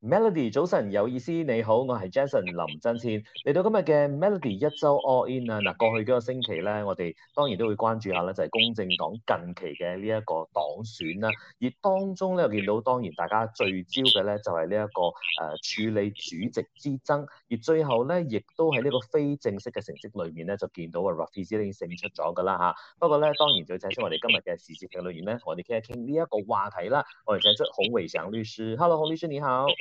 Melody 早晨有意思，你好，我係 Jason 林真倩，嚟到今日嘅 Melody 一周 All In 啊嗱，過去幾個星期咧，我哋當然都會關注下咧，就係公正黨近期嘅呢一個黨選啦。而當中咧我見到，當然大家聚焦嘅咧就係呢一個誒處理主席之爭，而最後咧亦都喺呢個非正式嘅成績裏面咧就見到啊 Rafizi 已經勝出咗噶啦吓。不過咧，當然就請出我哋今日嘅時事評論員咧，同我哋傾一傾呢一個話題啦。我哋請出孔維祥律師，Hello，孔律師你好。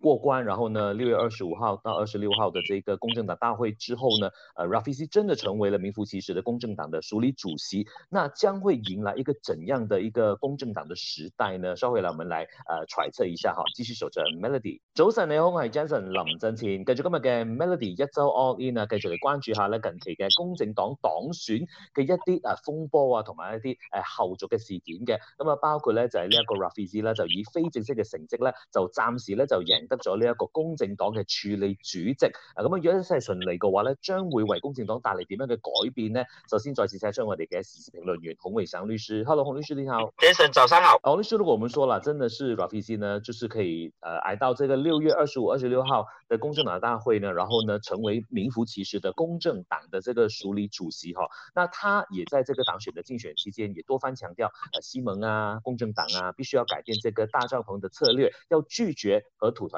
過關，然後呢？六月二十五號到二十六號的這個公正黨大會之後呢？Rafizi 真的成為了名副其實的公正黨的署理主席，那將會迎來一個怎樣的一個公正黨的時代呢？稍後咧，我們來誒、呃、揣測一下哈。繼續守着 Melody，早晨你好，我係 Jason 林振前，繼續今日嘅 Melody 一週 all in 啊，繼續嚟關注下咧近期嘅公正黨黨選嘅一啲啊風波啊，同埋一啲誒後續嘅事件嘅，咁啊包括咧就係、是、呢一個 Rafizi 啦，就以非正式嘅成績咧，就暫時咧就贏。得咗呢一個公正黨嘅署理主席，咁啊，如果一切順利嘅話咧，將會為公正黨帶嚟點樣嘅改變呢？首先，再次請出我哋嘅時事評論員洪偉祥律師。Hello，洪律師你好。早晨，早上好。洪、啊、律師，如果我們說了，真的是 Rafizi 呢，就是可以，呃，挨到這個六月二十五、二十六號嘅公正黨大會呢，然後呢，成為名副其實的公正黨的這個署理主席，哈、啊。那他也在這個黨選的競選期間，也多番強調，呃、啊，希盟啊，公正黨啊，必須要改變這個大帳篷的策略，要拒絕和土團